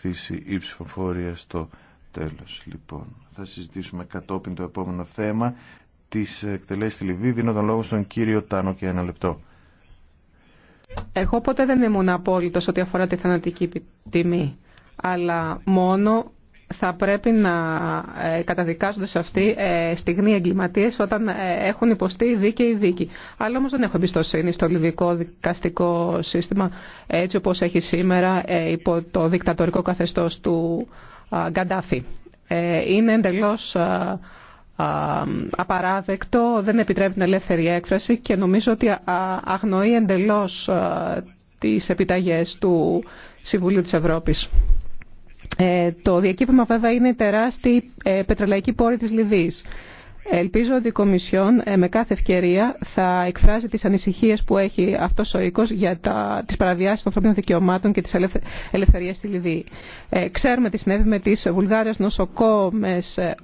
ακολουθήσει η ψηφοφορία στο τέλος. Λοιπόν, θα συζητήσουμε κατόπιν το επόμενο θέμα της εκτελέσεις στη Λιβύη. Δίνω τον λόγο στον κύριο Τάνο και ένα λεπτό. Εγώ ποτέ δεν ήμουν απόλυτος ό,τι αφορά τη θανατική τιμή, αλλά μόνο θα πρέπει να ε, καταδικάζονται σε αυτή ε, στιγμή εγκληματίε, όταν ε, έχουν υποστεί δίκαιη δίκη. Αλλά όμω δεν έχω εμπιστοσύνη στο λιβικό δικαστικό σύστημα έτσι όπως έχει σήμερα υπό το δικτατορικό καθεστώς του Γκαντάφη. Είναι εντελώς απαράδεκτο, δεν επιτρέπει την ελεύθερη έκφραση και νομίζω ότι αγνοεί εντελώς τι επιταγέ του Συμβουλίου τη Ευρώπη. Ε, το διακύπημα βέβαια είναι η ε, πετρελαϊκή πόρη της Λιβύης. Ελπίζω ότι η Κομισιόν ε, με κάθε ευκαιρία θα εκφράζει τις ανησυχίες που έχει αυτός ο οίκος για τα, τις παραβιάσεις των ανθρωπίνων δικαιωμάτων και τις ελευθερίες στη Λιβύη. Ε, ξέρουμε τι συνέβη με τις Βουλγάρες νοσοκόμες, ε,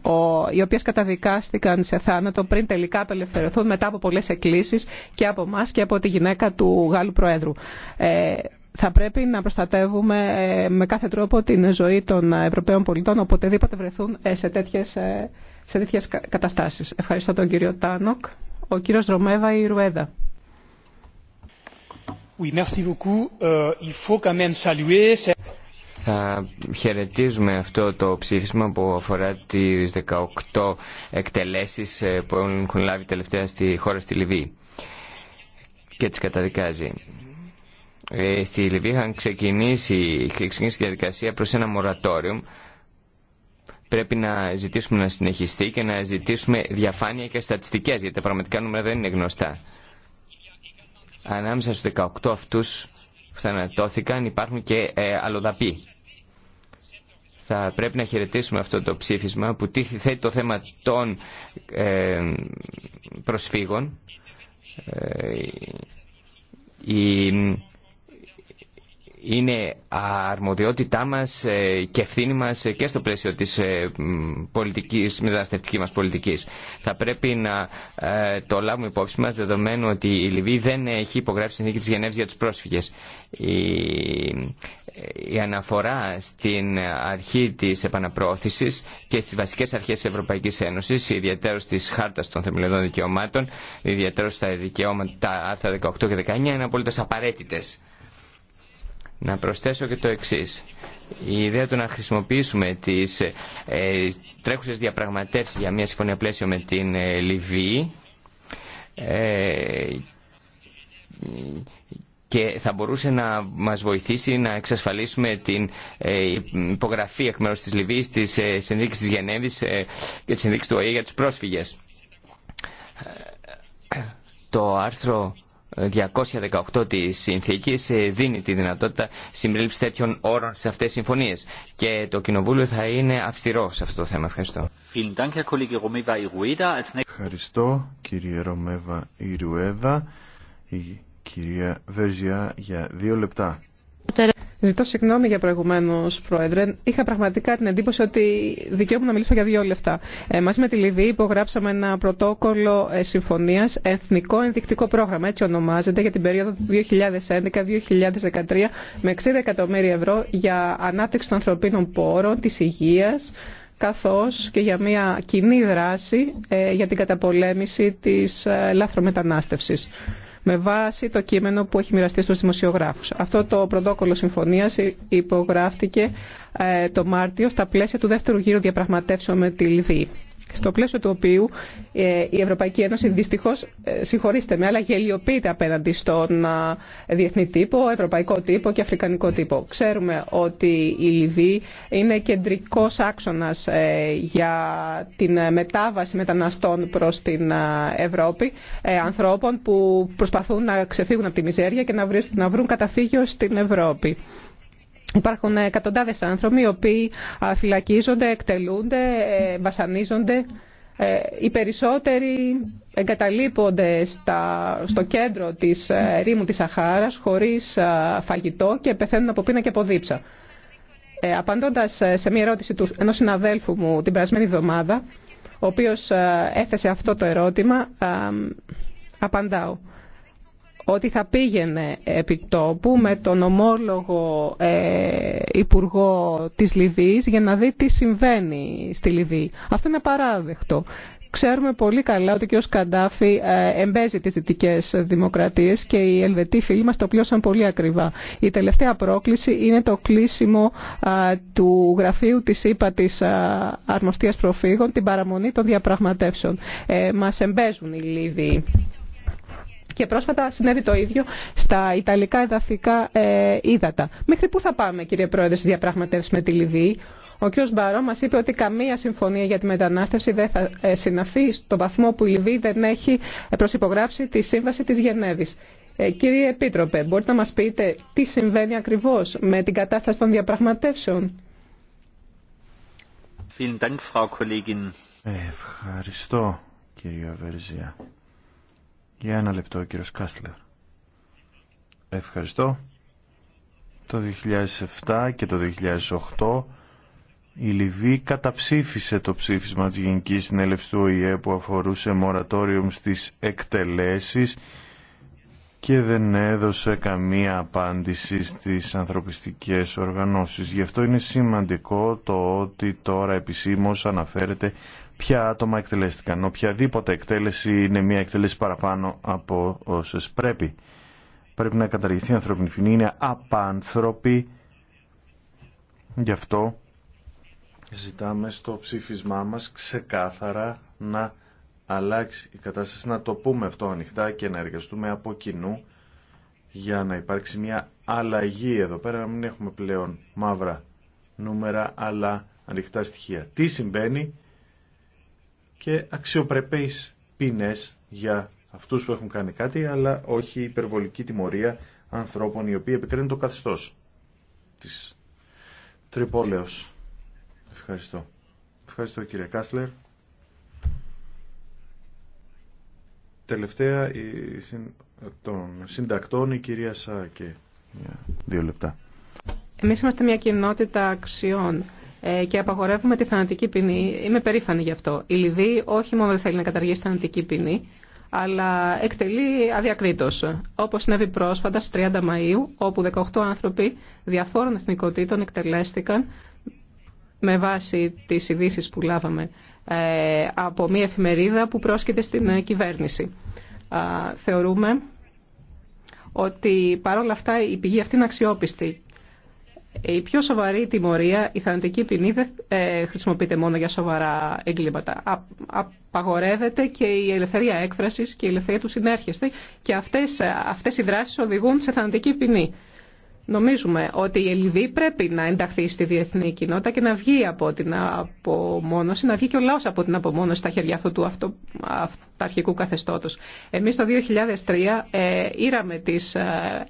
οι οποίες καταδικάστηκαν σε θάνατο πριν τελικά απελευθερωθούν μετά από πολλές εκκλήσεις και από εμά και από τη γυναίκα του Γάλλου Προέδρου. Ε, θα πρέπει να προστατεύουμε ε, με κάθε τρόπο την ζωή των Ευρωπαίων πολιτών οποτεδήποτε βρεθούν ε, σε τέτοιες, ε, σε τέτοιες καταστάσεις. Ευχαριστώ τον κύριο Τάνοκ. Ο κύριος Ρωμέβα ή Ρουέδα. Θα χαιρετίζουμε αυτό το ψήφισμα που αφορά τις 18 εκτελέσεις που έχουν λάβει τελευταία στη χώρα στη Λιβύη και τις καταδικάζει. Ε, στη Λιβύη είχαν ξεκινήσει, ξεκινήσει η διαδικασία προς ένα μορατόριο. Πρέπει να ζητήσουμε να συνεχιστεί και να ζητήσουμε διαφάνεια και στατιστικές, γιατί τα πραγματικά νούμερα δεν είναι γνωστά. Ανάμεσα στους 18 αυτούς που θανατώθηκαν υπάρχουν και ε, αλλοδαποί. Θα πρέπει να χαιρετήσουμε αυτό το ψήφισμα που θέτει το θέμα των ε, προσφύγων. Ε, είναι αρμοδιότητά μας ε, και ευθύνη μας ε, και στο πλαίσιο της ε, πολιτικής, μεταναστευτικής μας πολιτικής. Θα πρέπει να το λάβουμε υπόψη μας δεδομένου ότι η Λιβύη δεν έχει υπογράψει συνθήκη της Γενέβης για τους πρόσφυγες. Η, αναφορά στην αρχή της επαναπρόθεσης και στις βασικές αρχές της Ευρωπαϊκής Ένωσης, ιδιαίτερα της Χάρτας των Θεμελιωδών Δικαιωμάτων, ιδιαίτερα στα δικαιώματα τα άρθρα 18 και 19, είναι απολύτως απαραίτητες. Να προσθέσω και το εξή. Η ιδέα του να χρησιμοποιήσουμε τις ε, τρέχουσες διαπραγματεύσεις για μια συμφωνία πλαίσιο με την ε, Λιβύη ε, και θα μπορούσε να μας βοηθήσει να εξασφαλίσουμε την ε, υπογραφή εκ μέρους της Λιβύης της ε, συνδίκης της Γενέβης και της συνδίκης του ΟΗΕ για τους πρόσφυγες. Το άρθρο 218 της συνθήκη ε, δίνει τη δυνατότητα συμπλήψη τέτοιων όρων σε αυτές τις συμφωνίες και το Κοινοβούλιο θα είναι αυστηρό σε αυτό το θέμα. Ευχαριστώ. Ευχαριστώ κύριε Ρωμέβα Ιρουέδα. Η κυρία Βερζιά για δύο λεπτά. Ζητώ συγγνώμη για προηγουμένω, Πρόεδρε. Είχα πραγματικά την εντύπωση ότι δικαίωμαι να μιλήσω για δύο λεφτά. Ε, μαζί με τη Λιβύη υπογράψαμε ένα πρωτόκολλο ε, συμφωνία, Εθνικό Ενδεικτικό Πρόγραμμα, έτσι ονομάζεται, για την περίοδο 2011-2013, με 60 εκατομμύρια ευρώ για ανάπτυξη των ανθρωπίνων πόρων, τη υγεία, καθώ και για μια κοινή δράση ε, για την καταπολέμηση τη ε, λάθρομετανάστευση με βάση το κείμενο που έχει μοιραστεί στους δημοσιογράφους. Αυτό το πρωτόκολλο συμφωνίας υπογράφτηκε ε, το Μάρτιο στα πλαίσια του δεύτερου γύρου διαπραγματεύσεων με τη Λιβύη στο πλαίσιο του οποίου ε, η Ευρωπαϊκή Ένωση δυστυχώ, ε, συγχωρήστε με, αλλά γελιοποιείται απέναντι στον διεθνή τύπο, ευρωπαϊκό τύπο και αφρικανικό τύπο. Ξέρουμε ότι η Λιβύη είναι κεντρικό άξονα ε, για την μετάβαση μεταναστών προ την Ευρώπη, ανθρώπων που προσπαθούν να ξεφύγουν από τη μιζέρια και να βρουν καταφύγιο στην Ευρώπη. Υπάρχουν ε, εκατοντάδες άνθρωποι οι οποίοι φυλακίζονται, εκτελούνται, ε, βασανίζονται. Ε, οι περισσότεροι εγκαταλείπονται στα, στο κέντρο της ρήμου της Αχαράς, χωρίς φαγητό και πεθαίνουν από πείνα και από δίψα. απαντώντας σε μια ερώτηση του, ενός συναδέλφου μου την περασμένη εβδομάδα, ο οποίος έθεσε αυτό το ερώτημα, απαντάω ότι θα πήγαινε επί τόπου με τον ομόλογο ε, υπουργό της Λιβύης για να δει τι συμβαίνει στη Λιβύη. Αυτό είναι παράδεκτο. Ξέρουμε πολύ καλά ότι και ο Σκαντάφη ε, εμπέζει τις δυτικές δημοκρατίες και οι Ελβετοί φίλοι μας το πλήρωσαν πολύ ακριβά. Η τελευταία πρόκληση είναι το κλείσιμο του γραφείου της ΥΠΑ της Αρμοστίας Προφύγων, την παραμονή των διαπραγματεύσεων. Ε, μας εμπέζουν οι Λίβοι και πρόσφατα συνέβη το ίδιο στα Ιταλικά εδαφικά ε, ύδατα. Μέχρι πού θα πάμε κύριε Πρόεδρε στι διαπραγματεύσει με τη Λιβύη. Ο κ. Μπαρό μα είπε ότι καμία συμφωνία για τη μετανάστευση δεν θα ε, συναφεί στον βαθμό που η Λιβύη δεν έχει προσυπογράψει τη Σύμβαση τη Γενέβη. Ε, κύριε Επίτροπε, μπορείτε να μας πείτε τι συμβαίνει ακριβώς με την κατάσταση των διαπραγματεύσεων. Ευχαριστώ, κύριε Αβερζία. Για ένα λεπτό, κύριο Κάστλερ. Ευχαριστώ. Το 2007 και το 2008 η Λιβύη καταψήφισε το ψήφισμα της Γενικής Συνέλευσης του ΟΗΕ που αφορούσε μορατόριουμ στις εκτελέσεις και δεν έδωσε καμία απάντηση στις ανθρωπιστικές οργανώσεις. Γι' αυτό είναι σημαντικό το ότι τώρα επισήμως αναφέρεται ποια άτομα εκτελέστηκαν. Οποιαδήποτε εκτέλεση είναι μια εκτέλεση παραπάνω από όσε πρέπει. Πρέπει να καταργηθεί η ανθρώπινη φυνή. Είναι απάνθρωπη. Γι' αυτό ζητάμε στο ψήφισμά μας ξεκάθαρα να αλλάξει η κατάσταση, να το πούμε αυτό ανοιχτά και να εργαστούμε από κοινού για να υπάρξει μια αλλαγή εδώ πέρα, να μην έχουμε πλέον μαύρα νούμερα, αλλά ανοιχτά στοιχεία. Τι συμβαίνει και αξιοπρεπείς ποινές για αυτούς που έχουν κάνει κάτι, αλλά όχι υπερβολική τιμωρία ανθρώπων οι οποίοι επικρίνουν το καθεστώς της Τρυπόλεως. Ευχαριστώ. Ευχαριστώ κύριε Κάσλερ. Τελευταία των συντακτών η κυρία Σάκε. Δύο λεπτά. Εμείς είμαστε μια κοινότητα αξιών ε, και απαγορεύουμε τη θανατική ποινή. Είμαι περήφανη γι' αυτό. Η Λιβύη όχι μόνο δεν θέλει να καταργήσει θανατική ποινή, αλλά εκτελεί αδιακρίτω. Όπω συνέβη πρόσφατα στι 30 Μαου, όπου 18 άνθρωποι διαφόρων εθνικότητων εκτελέστηκαν με βάση τι ειδήσει που λάβαμε ε, από μια εφημερίδα που πρόσκειται στην ε, κυβέρνηση. Θεωρούμε ότι παρόλα αυτά η πηγή αυτή είναι αξιόπιστη η πιο σοβαρή τιμωρία, η θανατική ποινή, δεν ε, χρησιμοποιείται μόνο για σοβαρά εγκλήματα. Απαγορεύεται και η ελευθερία έκφρασης και η ελευθερία του συνέρχεστη και αυτές, αυτές οι δράσεις οδηγούν σε θανατική ποινή. Νομίζουμε ότι η Ελληνική πρέπει να ενταχθεί στη διεθνή κοινότητα και να βγει από την απομόνωση, να βγει και ο λαός από την απομόνωση στα χέρια αυτού του αυτο, αυταρχικού καθεστώτος. Εμείς το 2003 ε, ήραμε τις... Ε,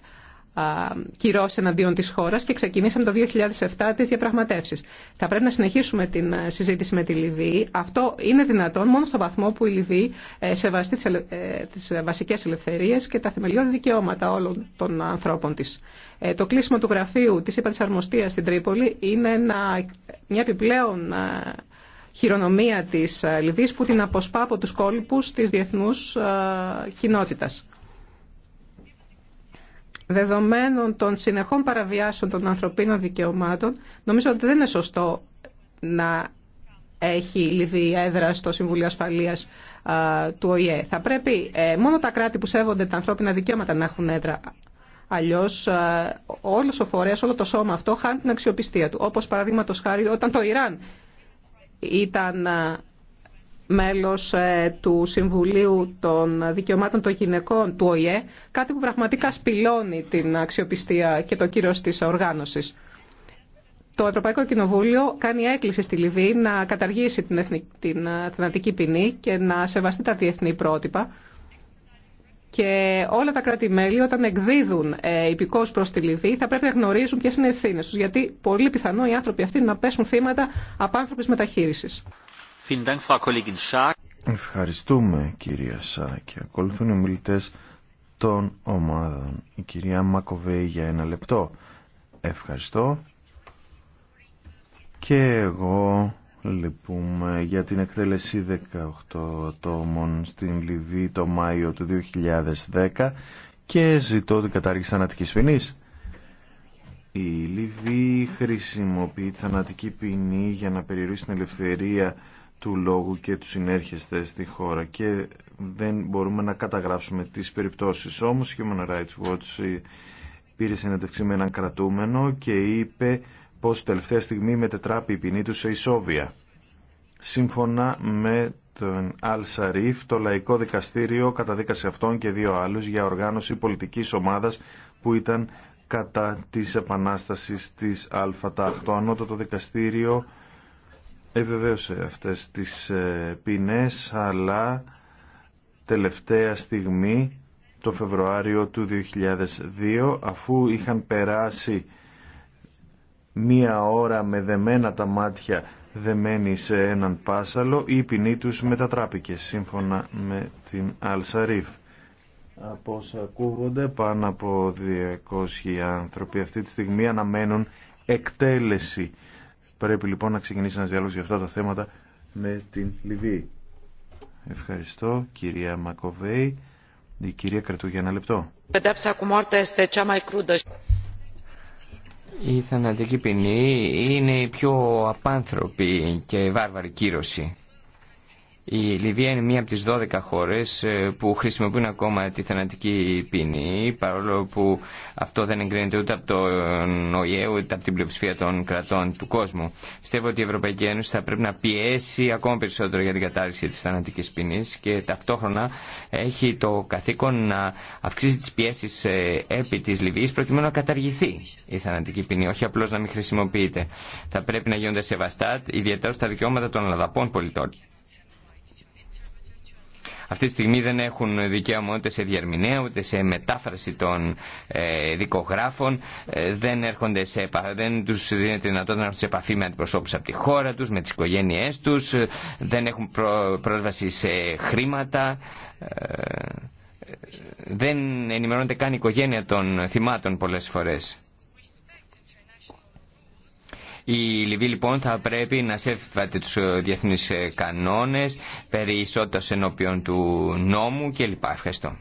κυρώσει εναντίον της χώρα και ξεκινήσαμε το 2007 τι διαπραγματεύσεις. Θα πρέπει να συνεχίσουμε την ε, συζήτηση με τη Λιβύη. Αυτό είναι δυνατόν μόνο στο βαθμό που η Λιβύη ε, σεβαστεί τις ε, βασικές ελευθερίε και τα θεμελιώδη δικαιώματα όλων των ανθρώπων της. Το κλείσιμο του γραφείου της ΥΠΑ στην Τρίπολη είναι ένα, μια επιπλέον χειρονομία της Λιβύης που την αποσπά από τους κόλπους της διεθνούς κοινότητας δεδομένων των συνεχών παραβιάσεων των ανθρωπίνων δικαιωμάτων, νομίζω ότι δεν είναι σωστό να έχει η έδρα στο Συμβούλιο ασφαλεία του ΟΗΕ. Θα πρέπει ε, μόνο τα κράτη που σέβονται τα ανθρώπινα δικαιώματα να έχουν έδρα. Αλλιώς όλος ο φορέας, όλο το σώμα αυτό χάνει την αξιοπιστία του. Όπως παραδείγματο χάρη όταν το Ιράν ήταν μέλος ε, του Συμβουλίου των Δικαιωμάτων των Γυναικών του ΟΗΕ, κάτι που πραγματικά σπηλώνει την αξιοπιστία και το κύρος της οργάνωσης. Το Ευρωπαϊκό Κοινοβούλιο κάνει έκκληση στη Λιβύη να καταργήσει την, την θενατική ποινή και να σεβαστεί τα διεθνή πρότυπα. Και όλα τα κράτη-μέλη όταν εκδίδουν ε, υπηκόους προς τη Λιβύη θα πρέπει να γνωρίζουν ποιες είναι οι ευθύνες τους, γιατί πολύ πιθανό οι άνθρωποι αυτοί να πέσουν θύματα απάνθρωπης μεταχείρισης. Ευχαριστούμε κυρία Σάκη. Ακολουθούν οι ομιλητές των ομάδων. Η κυρία Μακοβέη για ένα λεπτό. Ευχαριστώ. Και εγώ λυπούμε για την εκτέλεση 18 τόμων στην Λιβύη το Μάιο του 2010 και ζητώ την κατάργηση θανατικής ποινής. Η Λιβύη χρησιμοποιεί θανατική ποινή για να περιορίσει την ελευθερία του λόγου και του συνέρχεστε στη χώρα και δεν μπορούμε να καταγράψουμε τις περιπτώσεις. Όμως η Human Rights Watch πήρε συνέντευξη με έναν κρατούμενο και είπε πως τελευταία στιγμή μετετράπη η ποινή του σε ισόβια. Σύμφωνα με τον Αλ Σαρίφ, το Λαϊκό Δικαστήριο καταδίκασε αυτόν και δύο άλλους για οργάνωση πολιτικής ομάδας που ήταν κατά της επανάστασης της Αλφατάχ. Το Ανώτατο Δικαστήριο Εβεβαίωσε αυτές τις ε, ποινές, αλλά τελευταία στιγμή, το Φεβρουάριο του 2002, αφού είχαν περάσει μία ώρα με δεμένα τα μάτια δεμένοι σε έναν πάσαλο, η ποινή τους μετατράπηκε, σύμφωνα με την Αλσαρίφ. Από όσα ακούγονται, πάνω από 200 άνθρωποι αυτή τη στιγμή αναμένουν εκτέλεση Πρέπει λοιπόν να ξεκινήσει να διάλογο για αυτά τα θέματα με την Λιβύη. Ευχαριστώ κυρία Μακοβέη. Η κυρία Κρατού για ένα λεπτό. Η θανατική ποινή είναι η πιο απάνθρωπη και βάρβαρη κύρωση η Λιβύα είναι μία από τις 12 χώρες ε, που χρησιμοποιούν ακόμα τη θανατική ποινή, παρόλο που αυτό δεν εγκρίνεται ούτε από τον ΟΗΕ, ούτε από την πλειοψηφία των κρατών του κόσμου. Πιστεύω ότι η Ευρωπαϊκή Ένωση θα πρέπει να πιέσει ακόμα περισσότερο για την κατάρριξη της θανατικής ποινή και ταυτόχρονα έχει το καθήκον να αυξήσει τις πιέσεις ε, επί της Λιβύης προκειμένου να καταργηθεί η θανατική ποινή, όχι απλώς να μην χρησιμοποιείται. Θα πρέπει να γίνονται σεβαστά, ιδιαίτερα στα δικαιώματα των αλλαδαπών πολιτών. Αυτή τη στιγμή δεν έχουν δικαίωμα ούτε σε διερμηνέα, ούτε σε μετάφραση των ε, δικογράφων. Ε, δεν, έρχονται σε, δεν τους δίνεται δυνατότητα να έρθουν σε επαφή με αντιπροσώπους από τη χώρα τους, με τις οικογένειές τους. Ε, δεν έχουν πρόσβαση σε χρήματα. Ε, δεν ενημερώνεται καν η οικογένεια των θυμάτων πολλές φορές. Η Λιβύη λοιπόν θα πρέπει να σέβεται τους ε, διεθνείς ε, κανόνες περί ισότητας ενώπιον του νόμου κλπ. Ευχαριστώ.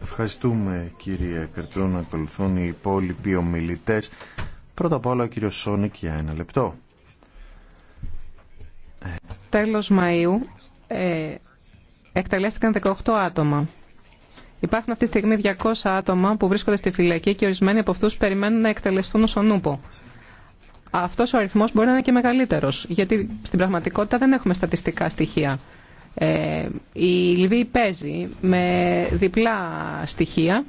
Ευχαριστούμε κύριε Κρετού να ακολουθούν οι υπόλοιποι ομιλητέ. Πρώτα απ' όλα ο κύριος Σόνικ για ένα λεπτό. Τέλος Μαΐου ε, εκτελέστηκαν 18 άτομα Υπάρχουν αυτή τη στιγμή 200 άτομα που βρίσκονται στη φυλακή και ορισμένοι από αυτού περιμένουν να εκτελεστούν ω νούπο. Αυτό ο αριθμό μπορεί να είναι και μεγαλύτερο, γιατί στην πραγματικότητα δεν έχουμε στατιστικά στοιχεία. Ε, η Λιβύη παίζει με διπλά στοιχεία.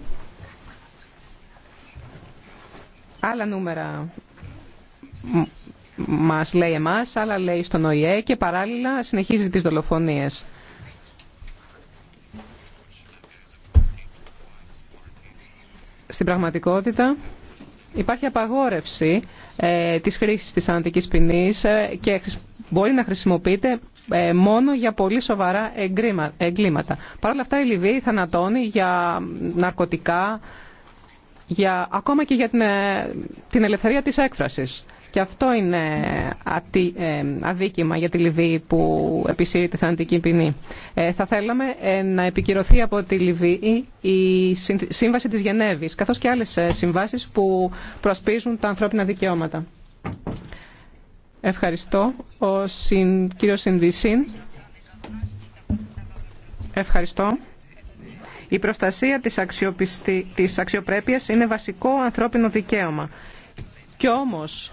Άλλα νούμερα μας λέει εμάς, άλλα λέει στον ΟΗΕ και παράλληλα συνεχίζει τις δολοφονίες. στην πραγματικότητα υπάρχει απαγόρευση ε, της χρήσης της θανατικής ε, και μπορεί να χρησιμοποιείται ε, μόνο για πολύ σοβαρά εγκλήματα. Παρ' όλα αυτά η Λιβύη θανατώνει για ναρκωτικά, για, ακόμα και για την, την ελευθερία της έκφρασης. Και αυτό είναι ε, αδίκημα για τη Λιβύη που επισύρει τη θανατική ποινή. Ε, θα θέλαμε ε, να επικυρωθεί από τη Λιβύη η Σύμβαση της Γενέβης, καθώς και άλλες συμβάσεις που προσπίζουν τα ανθρώπινα δικαιώματα. Ευχαριστώ. Ο συν, κύριος Συνδυσίν. Ευχαριστώ. Η προστασία της, της αξιοπρέπειας είναι βασικό ανθρώπινο δικαίωμα. Και όμως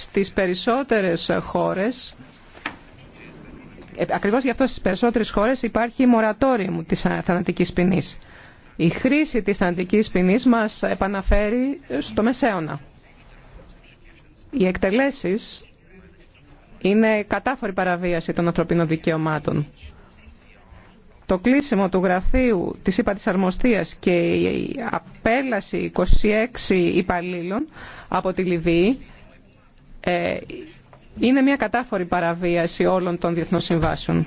στις περισσότερες χώρες, ε, ακριβώς γι' αυτό στις περισσότερες χώρες υπάρχει μορατόριο της θανατικής ποινής. Η χρήση της θανατικής ποινής μας επαναφέρει στο μεσαίωνα. Οι εκτελέσεις είναι κατάφορη παραβίαση των ανθρωπίνων δικαιωμάτων. Το κλείσιμο του γραφείου της ΥΠΑ της Αρμοστίας και η απέλαση 26 υπαλλήλων από τη Λιβύη ε, είναι μια κατάφορη παραβίαση όλων των διεθνών συμβάσεων.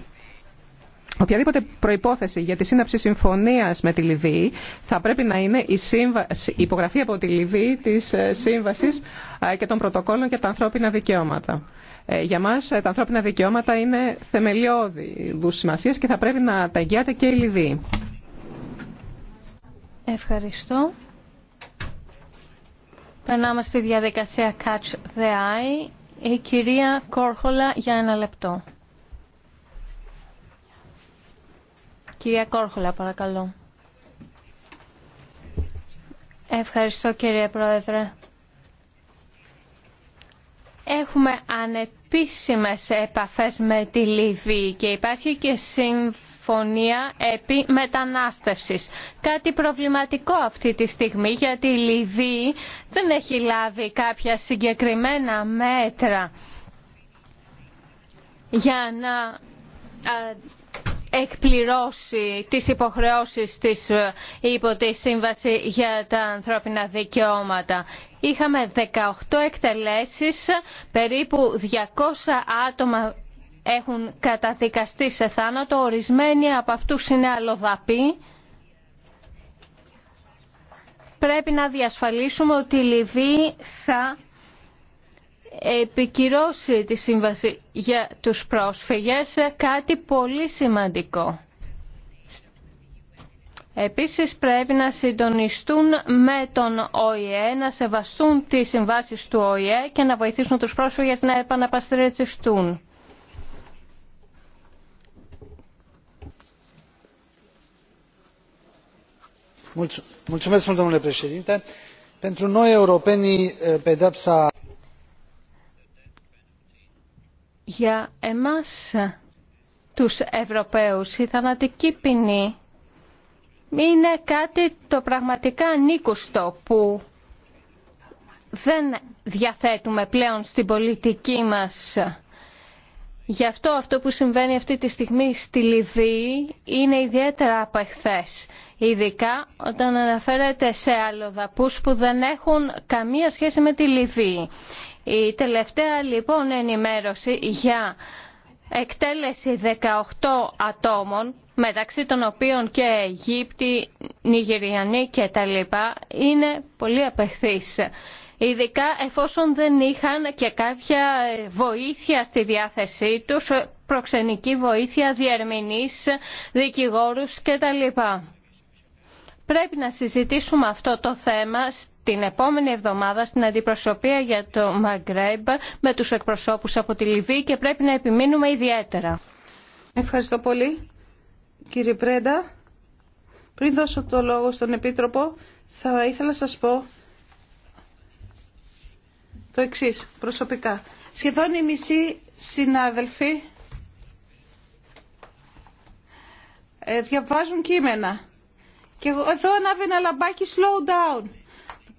Οποιαδήποτε προϋπόθεση για τη σύναψη συμφωνίας με τη Λιβύη θα πρέπει να είναι η, υπογραφή από τη Λιβύη της ε, σύμβασης ε, και των πρωτοκόλων για τα ανθρώπινα δικαιώματα. Για μας τα ανθρώπινα δικαιώματα είναι θεμελιώδη σημασία και θα πρέπει να τα εγγυάται και η Λιβύη. Ευχαριστώ. Περνάμε στη διαδικασία Catch the Eye. Η κυρία Κόρχολα για ένα λεπτό. Κυρία Κόρχολα, παρακαλώ. Ευχαριστώ κύριε Πρόεδρε. Έχουμε ανεπίσημες επαφές με τη Λιβύη και υπάρχει και σύμφωνο φωνία επί μετανάστευσης. Κάτι προβληματικό αυτή τη στιγμή γιατί η Λιβύη δεν έχει λάβει κάποια συγκεκριμένα μέτρα για να εκπληρώσει τις υποχρεώσεις της ε, υπό τη Σύμβαση για τα ανθρώπινα δικαιώματα. Είχαμε 18 εκτελέσεις, περίπου 200 άτομα έχουν καταδικαστεί σε θάνατο. Ορισμένοι από αυτούς είναι αλλοδαποί. Πρέπει να διασφαλίσουμε ότι η Λιβύη θα επικυρώσει τη σύμβαση για τους πρόσφυγες, κάτι πολύ σημαντικό. Επίσης πρέπει να συντονιστούν με τον ΟΗΕ, να σεβαστούν τις συμβάσεις του ΟΗΕ και να βοηθήσουν τους πρόσφυγες να επαναπαστρεφιστούν. E, για εμάς τους Ευρωπαίους η θανατική ποινή είναι κάτι το πραγματικά ανήκουστο που δεν διαθέτουμε πλέον στην πολιτική μας Γι' αυτό αυτό που συμβαίνει αυτή τη στιγμή στη Λιβύη είναι ιδιαίτερα απεχθές. Ειδικά όταν αναφέρεται σε αλλοδαπούς που δεν έχουν καμία σχέση με τη Λιβύη. Η τελευταία λοιπόν ενημέρωση για εκτέλεση 18 ατόμων μεταξύ των οποίων και Αιγύπτιοι, Νιγηριανοί και τα είναι πολύ απεχθής ειδικά εφόσον δεν είχαν και κάποια ε, βοήθεια στη διάθεσή τους, ε, προξενική βοήθεια, διερμηνείς, δικηγόρους κτλ. Πρέπει να συζητήσουμε αυτό το θέμα την επόμενη εβδομάδα στην αντιπροσωπεία για το Μαγκρέμπ με τους εκπροσώπους από τη Λιβύη και πρέπει να επιμείνουμε ιδιαίτερα. Ευχαριστώ πολύ. Κύριε Πρέντα, πριν δώσω το λόγο στον Επίτροπο, θα ήθελα να σας πω το εξή προσωπικά. Σχεδόν οι μισοί συνάδελφοι ε, διαβάζουν κείμενα. Και εδώ ανάβει ένα λαμπάκι slow down.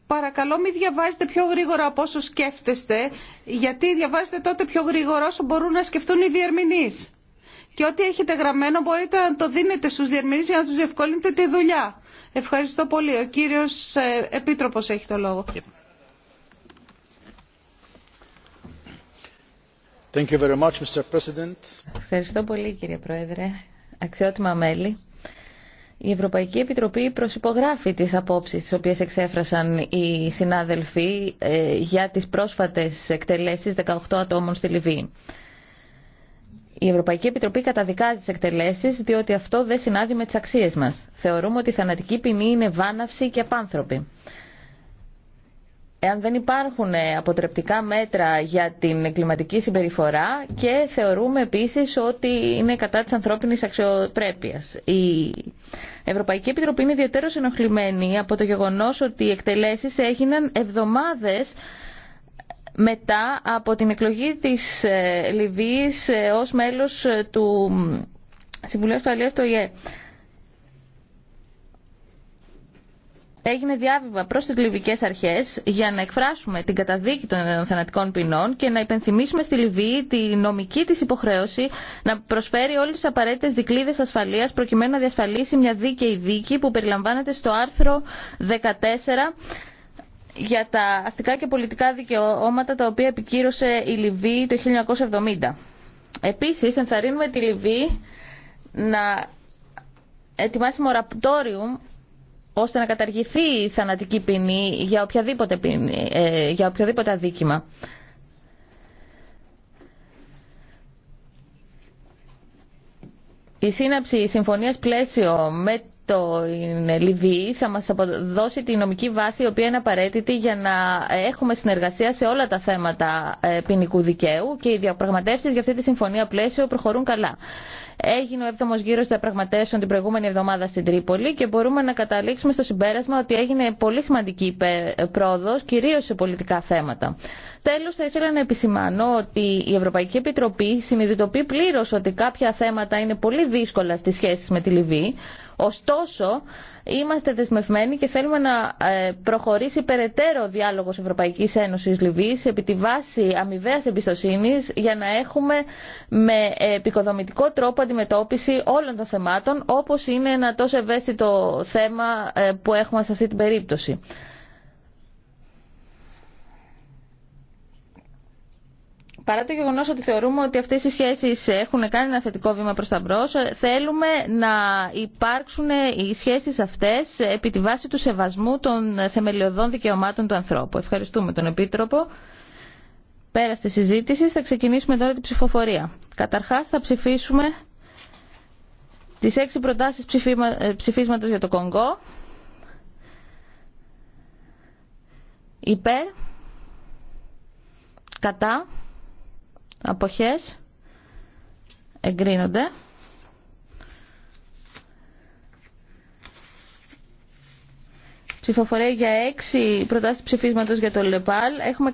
Παρακαλώ μην διαβάζετε πιο γρήγορα από όσο σκέφτεστε, γιατί διαβάζετε τότε πιο γρήγορα όσο μπορούν να σκεφτούν οι διερμηνείς. Και ό,τι έχετε γραμμένο μπορείτε να το δίνετε στους διερμηνείς για να τους διευκολύνετε τη δουλειά. Ευχαριστώ πολύ. Ο κύριος ε, Επίτροπος έχει το λόγο. Ευχαριστώ πολύ κύριε Πρόεδρε. Αξιότιμα μέλη. Η Ευρωπαϊκή Επιτροπή προσυπογράφει τις απόψεις τις οποίες εξέφρασαν οι συνάδελφοι ε, για τις πρόσφατες εκτελέσεις 18 ατόμων στη Λιβύη. Η Ευρωπαϊκή Επιτροπή καταδικάζει τις εκτελέσεις διότι αυτό δεν συνάδει με τις αξίες μας. Θεωρούμε ότι η θανατική ποινή είναι βάναυση και απάνθρωπη εάν δεν υπάρχουν ε, αποτρεπτικά μέτρα για την κλιματική συμπεριφορά και θεωρούμε επίσης ότι είναι κατά της ανθρώπινης αξιοπρέπειας. Η Ευρωπαϊκή Επιτροπή είναι ιδιαίτερως ενοχλημένη από το γεγονός ότι οι εκτελέσεις έγιναν εβδομάδες μετά από την εκλογή της ε, Λιβύης ε, ως μέλος του Συμβουλίου Ασφαλείας του ΙΕ. έγινε διάβημα προ τι Λιβικέ αρχές για να εκφράσουμε την καταδίκη των θανατικών ποινών και να υπενθυμίσουμε στη Λιβύη τη νομική της υποχρέωση να προσφέρει όλες τι απαραίτητες δικλείδες ασφαλείας προκειμένου να διασφαλίσει μια δίκαιη δίκη που περιλαμβάνεται στο άρθρο 14 για τα αστικά και πολιτικά δικαιώματα τα οποία επικύρωσε η Λιβύη το 1970. Επίσης, ενθαρρύνουμε τη Λιβύη να ετοιμάσει μορατόριου ώστε να καταργηθεί η θανατική ποινή για οποιαδήποτε, ε, για οποιοδήποτε αδίκημα. Η σύναψη συμφωνίας πλαίσιο με το ε, Λιβύη θα μας αποδώσει τη νομική βάση η οποία είναι απαραίτητη για να έχουμε συνεργασία σε όλα τα θέματα ε, ποινικού δικαίου και οι διαπραγματεύσεις για αυτή τη συμφωνία πλαίσιο προχωρούν καλά. Έγινε ο 7ο γύρο διαπραγματεύσεων την προηγούμενη εβδομάδα στην Τρίπολη και μπορούμε να καταλήξουμε στο συμπέρασμα ότι έγινε πολύ σημαντική πρόοδο, κυρίω σε πολιτικά θέματα. Τέλο, θα ήθελα να επισημάνω ότι η Ευρωπαϊκή Επιτροπή συνειδητοποιεί πλήρω ότι κάποια θέματα είναι πολύ δύσκολα στι σχέσει με τη Λιβύη, Ωστόσο, είμαστε δεσμευμένοι και θέλουμε να ε, προχωρήσει περαιτέρω ο διάλογος Ευρωπαϊκής Ένωσης Λιβύης επί τη βάση αμοιβαία εμπιστοσύνη, για να έχουμε με επικοδομητικό τρόπο αντιμετώπιση όλων των θεμάτων όπως είναι ένα τόσο ευαίσθητο θέμα ε, που έχουμε σε αυτή την περίπτωση. παρά το γεγονό ότι θεωρούμε ότι αυτέ οι σχέσει έχουν κάνει ένα θετικό βήμα προ τα μπρο, θέλουμε να υπάρξουν οι σχέσει αυτέ επί τη βάση του σεβασμού των θεμελιωδών δικαιωμάτων του ανθρώπου. Ευχαριστούμε τον Επίτροπο. Πέρα στη συζήτηση θα ξεκινήσουμε τώρα την ψηφοφορία. Καταρχά θα ψηφίσουμε τι έξι προτάσει ε, ψηφίσματο για το Κονγκό. Υπέρ. Κατά αποχές εγκρίνονται. Ψηφοφορία για έξι προτάσεις ψηφίσματος για το ΛΕΠΑΛ. Έχουμε